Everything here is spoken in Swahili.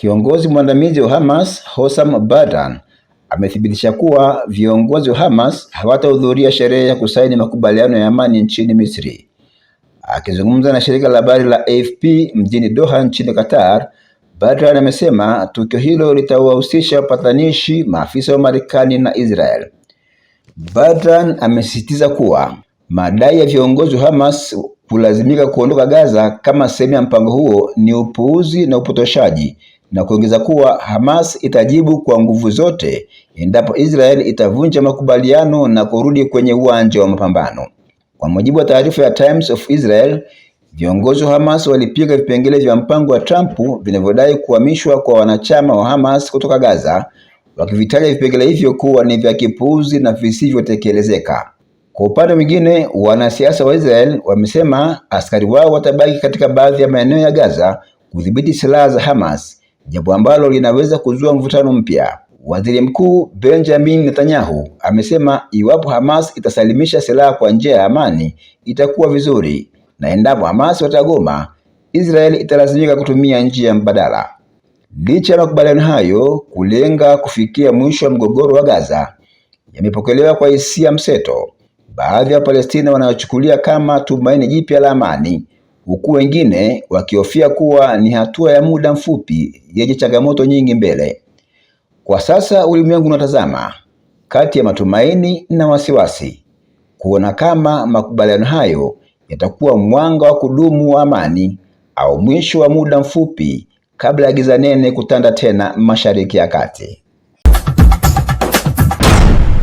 Kiongozi mwandamizi wa Hamas Hossam Abadan amethibitisha kuwa viongozi wa Hamas hawatahudhuria sherehe ya kusaini makubaliano ya amani nchini Misri. Akizungumza na shirika la habari la AFP mjini Doha nchini Qatar, Badran amesema tukio hilo litawahusisha wapatanishi, maafisa wa Marekani na Israel. Badran amesisitiza kuwa madai ya viongozi wa Hamas kulazimika kuondoka Gaza kama sehemu ya mpango huo ni upuuzi na upotoshaji na kuongeza kuwa Hamas itajibu kwa nguvu zote endapo Israel itavunja makubaliano na kurudi kwenye uwanja wa mapambano. Kwa mujibu wa taarifa ya Times of Israel, viongozi wa Hamas walipinga vipengele vya mpango wa Trump vinavyodai kuhamishwa kwa wanachama wa Hamas kutoka Gaza, wakivitaja vipengele hivyo kuwa ni vya kipuuzi na visivyotekelezeka. Kwa upande mwingine, wanasiasa wa Israel wamesema askari wao watabaki katika baadhi ya maeneo ya Gaza kudhibiti silaha za Hamas jambo ambalo linaweza kuzua mvutano mpya. Waziri Mkuu Benjamin Netanyahu amesema iwapo Hamas itasalimisha silaha kwa njia ya amani itakuwa vizuri, na endapo Hamas watagoma, Israeli italazimika kutumia njia mbadala. Licha ya makubaliano hayo kulenga kufikia mwisho wa mgogoro wa Gaza, yamepokelewa kwa hisia mseto, baadhi ya Wapalestina wanayochukulia kama tumaini jipya la amani huku wengine wakihofia kuwa ni hatua ya muda mfupi yenye changamoto nyingi mbele. Kwa sasa ulimwengu unatazama kati ya matumaini na wasiwasi kuona kama makubaliano hayo yatakuwa mwanga wa kudumu wa amani au mwisho wa muda mfupi kabla ya giza nene kutanda tena Mashariki ya Kati.